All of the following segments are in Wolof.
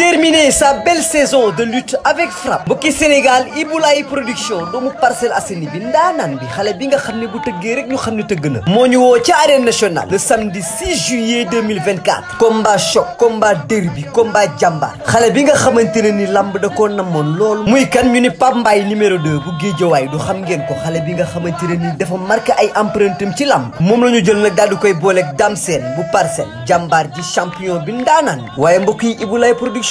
terminer sa belle saison de lutte avec frappe mbokki Sénégal Ibulaay production doomu Parcelles Assainies bi ndaanaan bi xale bi nga xam ne bu tëggee rek ñu xam ne tëgg na moo ñu woo ci arène nationale le samedi 6 juillet 2024 combat choc combat derby combat jàmbaar xale bi nga xamante ne ni lamb da koo namoon lool muy kan ñu ni Pape Mbaye numéro 2 bu Géejawaay du xam ngeen ko xale bi nga xamante ne ni dafa marqué ay empreinte am ci lamb moom la ñu jël nag daal di koy booleeg Dame Sène bu Parcelles jàmbaar ji champion bi ndaanaan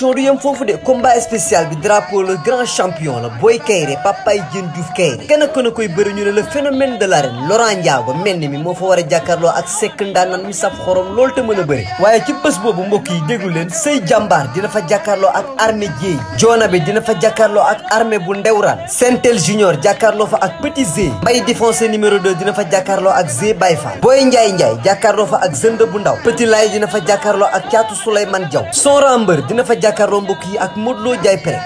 production du yem foofu de combat spécial bi drapeau le grand champion la Boy Kaïré Papaye Diène Diouf Kaïré kenn ku ne koy bëri ñu ne le phénomène de l'arène Laurent Ndiago mel ni mi moo fa war a jàkkaarloo ak sekk ndaanan mi saf xorom loolu te mën a bëri waaye ci bés boobu mbokk yi déglu leen sëy jàmbaar dina fa jàkkaarloo ak armée jéey joona bi dina fa jàkkaarloo ak armée bu ndewraan sentel junior jàkkaarloo fa ak petit zé mbay défoncé numéro 2 dina fa jàkkaarloo ak zé bay fall booy njaay njaay jàkkaarloo fa ak zënd bu ndaw petit laay dina fa jàkkaarloo ak caatu souleyman jaw sonra jàkkaarloo mbokk yi ak Modou Lo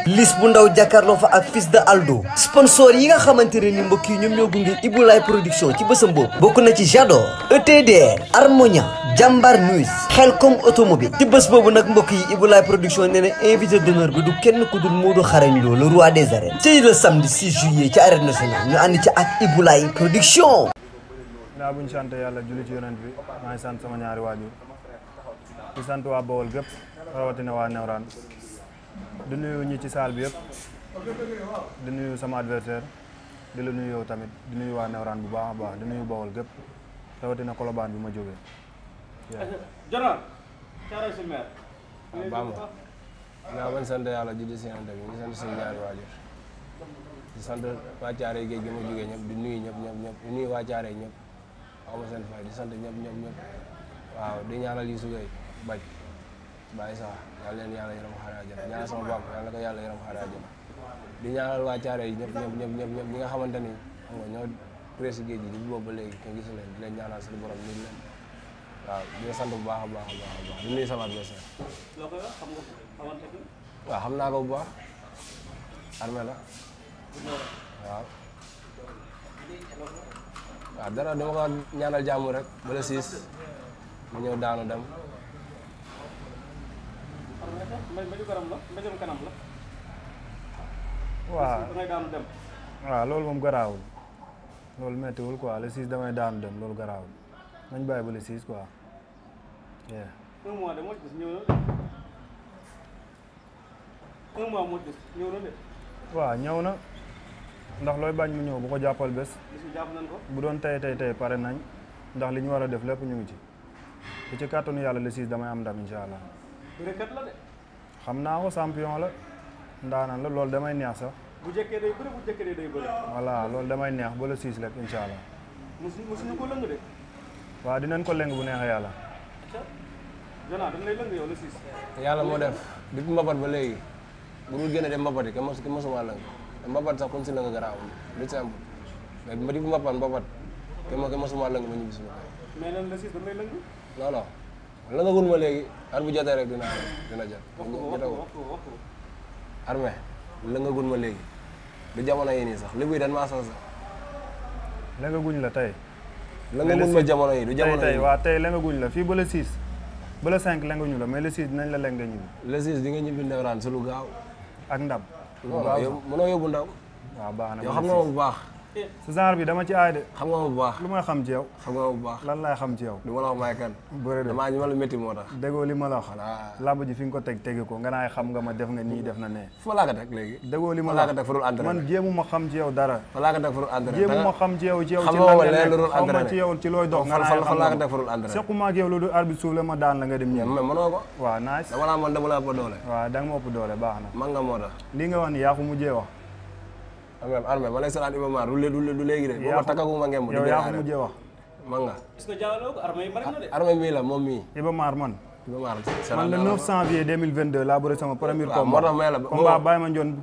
lis bu ndaw jàkkaarloo fa ak fils de Aldo sponsor yi nga xamante ne ni mbokk yi ñoom ñoo gunge Ibulaay production ci bésam boobu bokk na ci Jador ETDR Harmonia Jambar News Xelkom automobile ci bés boobu nag mbokk yi Ibulaay production nee na invité d'honneur bi du kenn ku dul Modou Xarañ Lo le roi des arènes ci le samedi 6 juillet ci arène nationale ñu ànd ci ak Ibulaay production naa buñ sant yàlla julli ci yonent bi sant sama ñaari waajur sant waa Bawol gépp rawatina waa Newraan di nuyu ñi ci salle bi yëpp di nuyu sama adversaire di la nuyu yow tamit di nuyu waa Newraan bu baax a baax di nuyu Bawol gépp rawatina Colobane bi ma jógee. Jara ah, ma yàlla ji di si ànd ak ñu sant waa Thiaroye géej gi ma jógee ñëpp nuyu ñëpp ñëpp ñëpp nuyu waa Thiaroye ñëpp aw ma seen fay di sant ñëpp ñëpp ñëpp waaw di ñaanal Youssou Gueye bañ. bàyyi sax yàlla leen yàlla yaram xaare àjjana ñaanal sama bàpp yàlla ko yàlla yaram xaare àjjana di ñaanal waa caare yi ñëpp ñëpp ñëpp ñëpp ñi nga xamante ni xam nga ñoo presse géej gi di boobu ba léegi kenn gisu leen di leen ñaanal seen borom ñu leen waaw di la sant bu baax a baax a baax a baax di nuyu sama adversaire waaw xam naa ko bu baax armée la waaw waaw dara dama ko ñaanal jàmm rek bala siis mu ñëw daanu dem waa loolu moom garaawul loolu méttiwul quoi le 6 damay daanu dem loolu garaawul nañ bàyyi ba le 6 quoi. un mois de de un ñëw na waaw ñëw na ndax looy bañ mu ñëw bu ko jàppal bés. bu doon tey tey tey pare nañ ndax li ñu war a def lépp ñu ngi ci te ci kàttanu yàlla le 6 damay am ndam incha allah. bërekat la xam naa ko champion la ndaanan la loolu damay neex sax. bu njëkkee day loolu damay neex ba le six rek incha allah. mosu mosuñu ko lëng de. waaw dinañ ko lëng bu neexee yàlla. Jona dañ yàlla moo def depuis mbabat ba léegi bu ñu génnee dem mbabat yi ka mos ki mosuma lëng te mbabat sax kon si lëng garaawul lu ci am mais ma depuis mbabat mbabat te ma ka lëng ma ñu bis ma. lëng. non non lëngagul ma léegi. ar bu jotee rek dinaa dina jot. armé lëngaguñ ma léegi du jamono yi nii sax li buy dañ maa sax sax. la tey. lëngaguñ ma jamono yi du jamono waa tey lëngaguñ la fii ba le 6. ba la 5 lëngaguñ la mais le 6 nañ la lëng nga ñibbi. le 6 di nga ñibbi Ndefleng si lu gaaw. ak ndam. lu gaaw mënoo yóbbu ndam. waaw baax na yow xam nga bu baax. sa genre bi dama ci aay de. xam nga bu lu may xam ci yow. xam lan laay xam ci yow. lu ma la wax maay kan. bëri de damaa ñu ma la métti moo tax. la wax. làmb ji fi ko teg tegi ko nga xam nga ma def nga nii def na nee. fa laa ko teg léegi. déggoo li ma la wax man ma xam ci yow dara. fa laa ko xam ci yow. ci yow ci lan nga nekk xam nga ci yow ci looy dox. nga naay xam nga sequma daan la nga dem ñëw. mënoo ko. waaw nice. dama laa mën dama laa ëpp doole. waaw da ma ëpp doole baax na. man nga moo tax. li nga wan ni yaa ko mujjee wax armé armé ma lay salaan Iba Mar du léegi du léegi de. yaa ko yow yaa ko mujjee wax ma nga. est-ce que jaawaloo ko armé yi bari na de. armé bii la moom mii. Iba Mar man. Iba Mar man le 9 janvier 2022 laa bëre sama premier combat. waaw moo tax ma combat Baye Mandione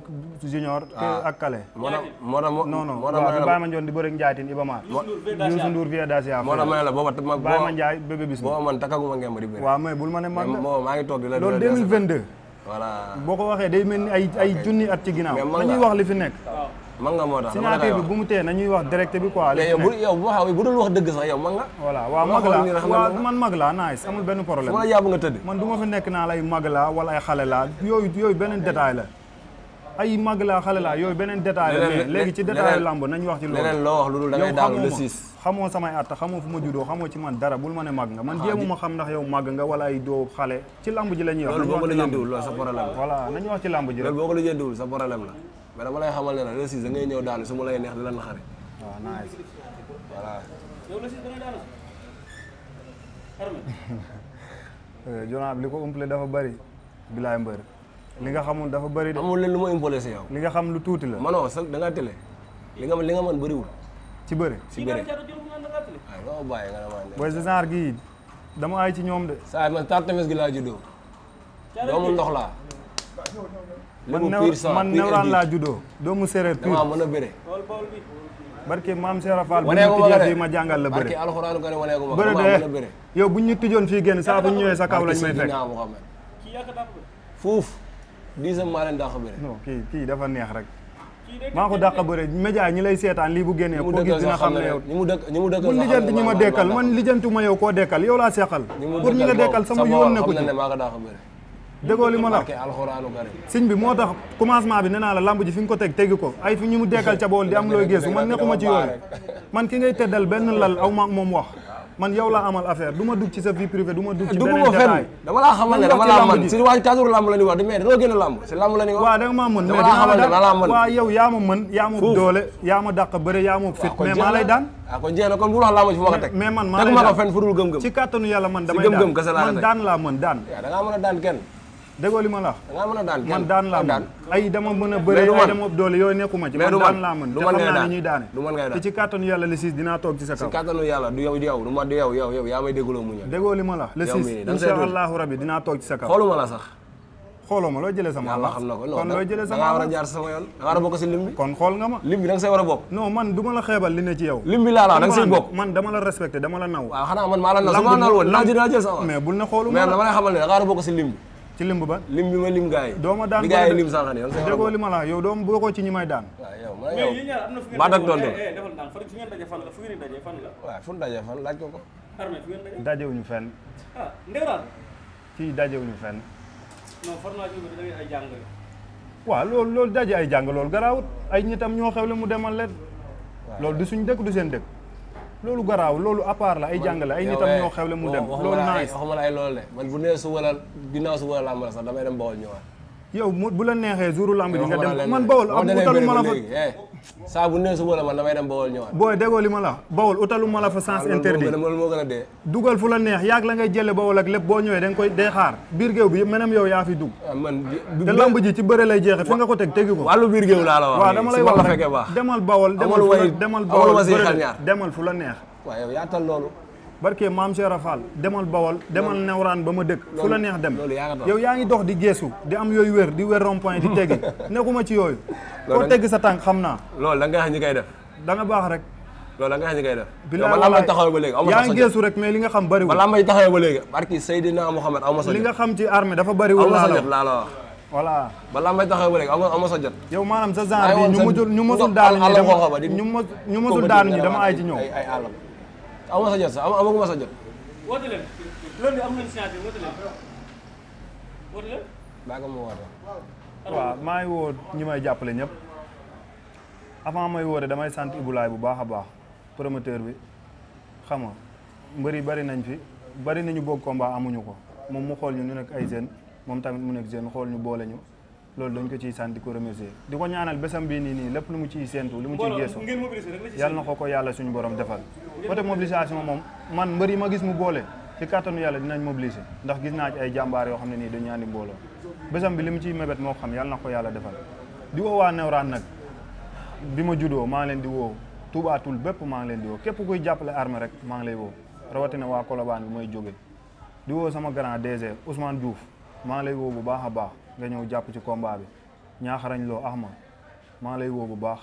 junior. Ah. ak Kale. moo tax moo tax non non waaw Baye Mandione di bëre ak Ndiaye Iba Mar. Youssou Ndour Vieux Dacia. moo tax ma ne la booba ma Baye Mandiaye bébé bis. booba man takkaguma ngemb di bëre. waaw mais bul ma ne man la maa ngi toog di la loolu 2022. voilà boo ko waxee day mel ni ay ay junni at ci ginnaaw. mais man dañuy wax li fi nekk. man nga moo tax signature bi mu tee nañuy wax direct bi quoi. léegi yow bu wax dëgg sax yow man nga. voilà waaw mag la waaw man mag laa nice amul benn problème. wala yàbb nga tëdd. man du ma fi nekk naa mag laa wala ay laa yooyu yooyu beneen détail la. ay mag laa xale laa yooyu beneen détail la léegi ci détail lamb nañu wax ci loolu. leneen loo wax lu dul da ngay daanu xamoo samay atta xamoo fu ma juddoo xamoo ci man dara bul ma mag nga man jéemuma xam ndax yow mag nga wala ay doo xale ci lamb ji la ñuy wax. loolu boo ko la jëndiwul loolu sa problème la. voilà nañu wax ci lamb ji rek loolu boo ko la jëndiwul sa problème la mais dama lay xamal ne la Régis da ngay ñëw daanu su ma lay neex di la naxare. waaw euh, naa li ko umpale dafa bari. bilaay mbër li nga xamul dafa bari de. amul leen lu li nga xam lu tuuti la. manoo sax da ngaa télé. li ci bëri ci bëri. waaw bàyyi booy sa genre gii dama aay ci ñoom de. saa man taar tamis gi laa juddoo. doomu ndox la man Newraan laa juddoo doomu séeréer pur damaa mën a bëre barke maam Seera Fall bu ñu tijjee fii ma jàngal la bëre barke alxuraan nga ne waneeku ma bëre de yow bu ñu tijjoon fii génn saa bu ñu ñëwee sa kaw lañ may fekk fuuf diisam maa leen dàq bëre non kii kii dafa neex rek maa ko dàq bëre média ñi lay seetaan lii bu génnee koo gis dina xam na yow ñi mu dëkk ñi mu dëkk bu lijjanti ñi ma dekkal man lijjantu yow koo dekkal yow laa seqal pour ñi nga dekkal sama yoon nekku ci dëggoo li ma la sëñ bi moo tax commencement bi nee naa la lamb ji fi ko teg tegi ko ay fi ñu mu dekkal ca bool di am looy geesu man nekkuma ci yooyu man ki teddal benn lal aw ma moom wax man yow laa amal affaire du ma dugg ci sa vie privée du ma dugg ci beneen détail dama laa xamal ne dama laa mën waa cadre la ñuy wax mais dañoo gën a lamb si la ñuy wax maa mën mais dama laa mën waaw yow yaa ma mën yaa ma doole yaa ma dàq bëre yaa ma fit ah, mais maa lay daan ah man maa lay daan laa mën daan déggoo li ma la wax. man daan laa mën ay dama mën a bëre ay dama doole yooyu nekkuma ci man daan laa mën te xam naa ne ñuy daane du man ngay daan te ci kàttanu yàlla le six dinaa toog ci sa kaw ci kàttanu yàlla du yow du yow du ma du yow yow yow yaa may dégguloo mu ñëw déggoo li ma la le six insha allahu rabbi dinaa toog ci sa kaw xooluma la sax xooloo ma loo jëlee sama yàlla xam na ko kon loo jëlee sama da nga war a jaar sama yoon da nga war a bokk si lim bi kon xool nga ma lim bi da nga say war a bokk non man du ma la xeebal li ne ci yow lim bi laa la da nga say bokk man dama la respecté dama la naw waaw xanaa man maa la naw sama naw woon naa jël sama mais bul ne xoolu mais dama lay xamal ne da nga war a bokk si lim bi ci limb ba lim bi ma lim gars yi doo ma daan gars yi lim sànqane yow déggoo li ma yow doo ma bokkoo ci ñi may daan waaw yow ma yow waaw fu ñu daje fan laaj ko ko dajewuñu fenn ah, fii dajewuñu fenn ay jàng waaw loolu loolu daje ay jàng loolu garaawut ay ñitam ñoo xew le mu demal leen loolu du suñ dëkk du seen dëkk loolu garaaw loolu à part la ay jàng la ay nitam eh, ñoo xewle mu dem. loolu naa waxuma la ay loolu de man bu nee su waral ginnaaw su waral laa mën a sax damay dem Bawol ñëwaat. yow mu bu la neexee jouru lamb di nga dem man bawol ab utalu ma la fa eh. saa bu nee suba la man damay dem bawol ñëwaat booy déggoo li ma la bawol utalu ma la fa sens interdit loolu moo gën a dee dugal fu la neex yaag la ngay jële bawol ak lépp boo ñëwee danga koy dee xaar biir géew bi yëpp maanaam yaa fi dugg ah, man te lamb ji ci bëre lay jeexe fi nga ko teg tegi ko wàllu biir géew laa la wax waaw dama lay wax rek demal bawol demal demal bawol demal fu la neex waaw yow yaatal loolu barke maam Cheikh Rafal demal Bawol demal Newraan ba ma dëkk fu la neex dem yow yaa ngi dox di geesu di am yooyu wér di wér rond point di teggi nekkuma ci yooyu koo tegg sa tànk xam naa lool da nga xam ñi koy def da baax rek loolu da nga xam ñi koy def bi wala may taxawee ba léegi geesu rek mais li nga xam bëriwul wala may taxawee ba léegi barki Seydina Mouhamed aw ma sa li nga xam ci armée dafa bëriwul laa la wax voilà balaa may taxaw ba léegi amoo sa jot. yow maanaam sa genre bi ñu ñu mosul daan ñi dama ñu mosul daan ñi dama ay ci ñoom. aw ma sa jot sax aw ma ma sa jot. woote leen maa ngi woo ñi may jàppale ñëpp avant may woote damay sant Ibulaay bu baax a baax promoteur bi xam nga mbër yi bari nañ fi bari nañu bëgg combat amuñu ko moom mu xool ñu ñu nekk ay jeunes moom tamit mu nekk jeune xool ñu boole ñu. loolu dañ ko ciy sant di ko remercier di ko ñaanal bésam bi nii nii lépp lu mu ciy séentu lu mu ciy geesu yàlla na ko ko yàlla suñu borom defal côté mobilisation moom man mbër yi ma gis mu boole ci kàttanu yàlla dinañ mobiliser ndax gis naa ci ay jàmbaar yoo xam ne nii dañu andi mbooloo bésam bi li mu ciy mébét moo xam yàlla na ko yàlla defal di woo waa Newraan nag bi ma juddoo maa ngi leen di woo tubaatul bépp maa ngi leen di woo képp kuy jàppale armée rek maa ngi lay woo rawatina waa Colobane mooy jóge di woo sama grand DG Ousmane maa ngi lay woo bu a baax nga ñëw jàpp ci combat bi ñaaxarañ loo ax ma maa ngi lay woo bu baax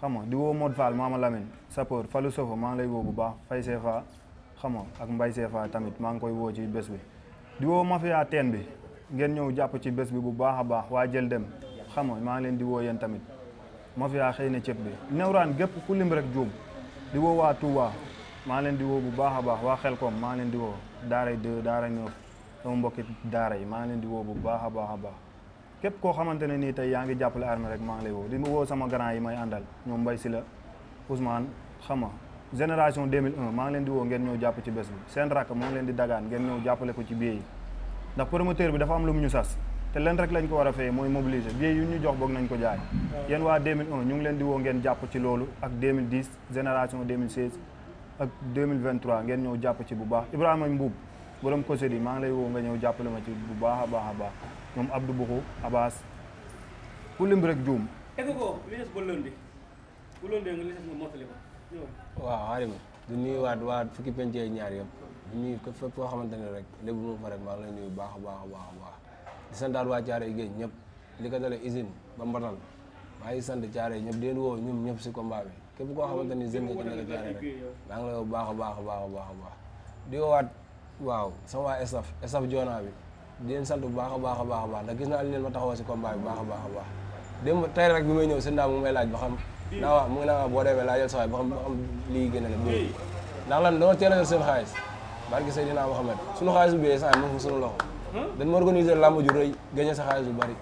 xam nga di woo Modou Fall ma Lamine Sapeur Fallou Sofa maa ngi lay woo bu baax Faye Sefa xam nga ak Mbaye Sefa tamit maa ngi koy woo ci bés bi di woo mafia teen bi ngeen ñëw jàpp ci bés bi bu baax a baax waa jël dem xam nga maa leen di woo yéen tamit mafia xëy na ceeb bi newraan gépp ku lim rek juum di woo waa Touba maa leen di woo bu baax a baax waa xel Xelkom maa leen di woo daaray deux daaray sama mbokki daara yi maa ngi leen di woo bu baax a baax a baax képp koo xamante nii tey yaa ngi jàppale armée rek maa ngi lay woo di ma woo sama grand yi may àndal ñoom Mbaye Sylla Ousmane xama génération 2001 maa ngi leen di woo ngeen jàpp ci bés bi seen rakk moo ngi leen di dagaan ngeen ñëw jàppale ko ci billet yi ndax promoteur bi dafa am lu mu ñu sas te leen rek lañ war a mooy mobiliser billet yu ñu jox boog nañ ko jaay yéen ngi leen di woo ngeen jàpp ci loolu ak 2010 génération 2016 ak 2023 ngeen ñëw jàpp ci bu baax Ibrahima Mbuub borom causerie yi maa ngi lay woo nga ñëw jàppale ma ci bu baax a baax a baax ñoom Abdou Boukhou Abbas ku lim rek juum. egg ko li des ba lundi bu lundi nga fukki penc ñaar yëpp du ko fépp koo xamante ne rek lépp mu fa rek maa ngi lay a baax a baax a baax di santaat waa Thiaroye Géej ñëpp li ko dalee usine ba mbatal maa ngi sant Thiaroye ñëpp di leen woo ñoom ñëpp si combat bi képp koo xamante ni jeune nga ci nekk Thiaroye rek maa ngi lay woo baax a baax a baax a baax di woowaat waaw sama waa staff staff joonaa bi di leen sant bu baax a baax baax a baax ndax gis naa leen ma taxawoo si a baax a baax démb rek bi may ñëw seen daa mu may laaj ba xam naa waa mu ngi naa waa boo demee laajal sa waay ba xam ba xam lii a la bëri ndax lan dama teel a jël seen xaalis barki Seydina Mohamed suñu xaalis bu biyee san moom fa suñu loxo dañ ma organiser làmb ju rëy gagné sa xaalis bu bëri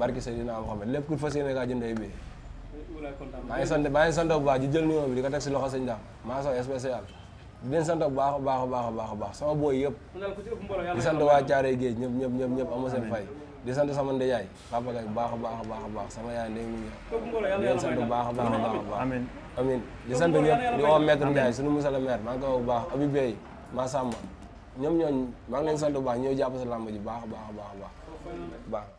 barki Seydina Mohamed lépp ku fas yéene kaa jëndee ngi sant maa ngi sant bu baax di jël teg si loxo sëñ daam maa saw spécial di leen bu baax a baax a baax a baax a baax sama booy yëpp di sant waa Caaroy Géej ñëpp ñëpp ñëpp ñëpp ama seen fay di sant sama ndeyaay papa kay bu baax a baax a baax a baax sama yaay ndey mu di leen sant bu baax a baax a baax a baax amiin di sant ñëpp di woo maître Ndiaye sunu monsieur le maire maa ngi koy bu baax Abi maa Massamba ñoom ñooñ maa ngi leen sant bu baax ñoo jàpp sa làmb ji baax a baax a baax a baax baax